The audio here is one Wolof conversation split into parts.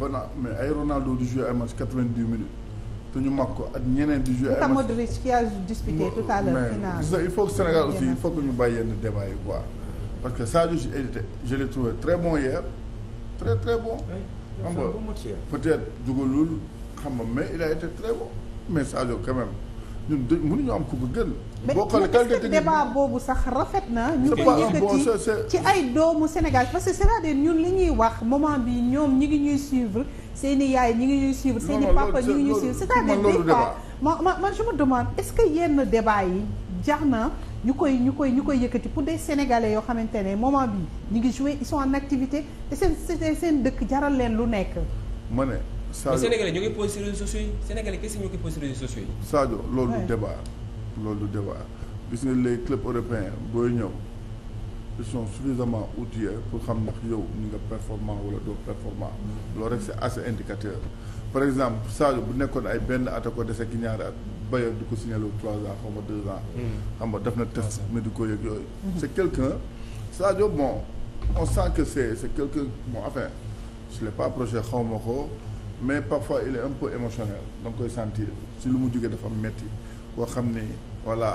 bana mais ay Ronaldo di jouer ay match quatre-vingt-dix minutes te ñu mag ko ak ñeneen di jouer ay match Modric qui il faut Sénégal aussi il faut que ñu bàyyi yenn débat yi parce que saa Sadio eh, je l'ai trouvé très bon hier très très bon xam nga peut-être dugalul xam nga mais il a été très bon mais Sadio quand même ñun de mënuñu am ku ko gën. boo xoolee qualité technique débat boobu sax rafet na. ñu ko yëkkati ci ay doomu Sénégal parce que c'est-à-dire ñun li ñuy wax moment bi ñoom ñi ngi ñuy suivre seen i yaay ñi ngi ñuy suivre. seen i papa ñi ngi ñuy suivre c'est-à-dire des fois ma ma man je me est que yenn débat yi jar na ñu koy ñu koy ñu koy yëkkati pour dee sénégalais yoo xamante ne moment bi ñu ngi jouer ils sont en activité te seen seen dëkk jaral leen lu nekk. ma Sadio Sénégalais ñu ngi posé sur réseaux sociaux loolu du débat loolu du débat gis nga les clubs européens booy ñëw ils sont suffisamment outillés pour xam ndax yow ni nga performant wala doo performant mm. loolu rek c'est assez indicateur par exemple Sadio bu nekkoon ay benn at a ko dese ki ñaari at Bayer di ko signaler trois ans xaw deux ans. Mm. xam def na test médicaux yeeg yooyu. Mm-hmm. c'est quelqu'un Sadio bon on sent que c'est quelqu'un bon enfin je l'ai pas approché xaw ma ko. mais parfois il est un peu émotionnel da koy sentir si lu mu jógee dafa metti koo xam ne voilà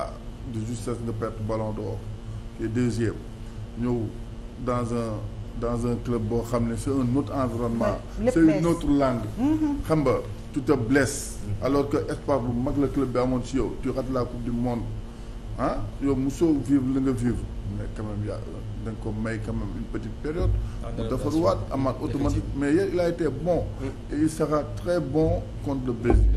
de justesse nga perte ballon d'or qui est deuxième ñëw dans un dans un club boo xam ne c'est un autre environnement c'est une autre langue mm-hmm. xam nga tu te blesses alors que espoir bu mag la club bi amoon si yow tu rates la coupe du monde ah yow mosoo vivre li nga vivre mais quand même yaa da nga ko une petite période ah, mu defaruwaat amaat automatique mais il a été bon mm. il sera très bon contre le Brésil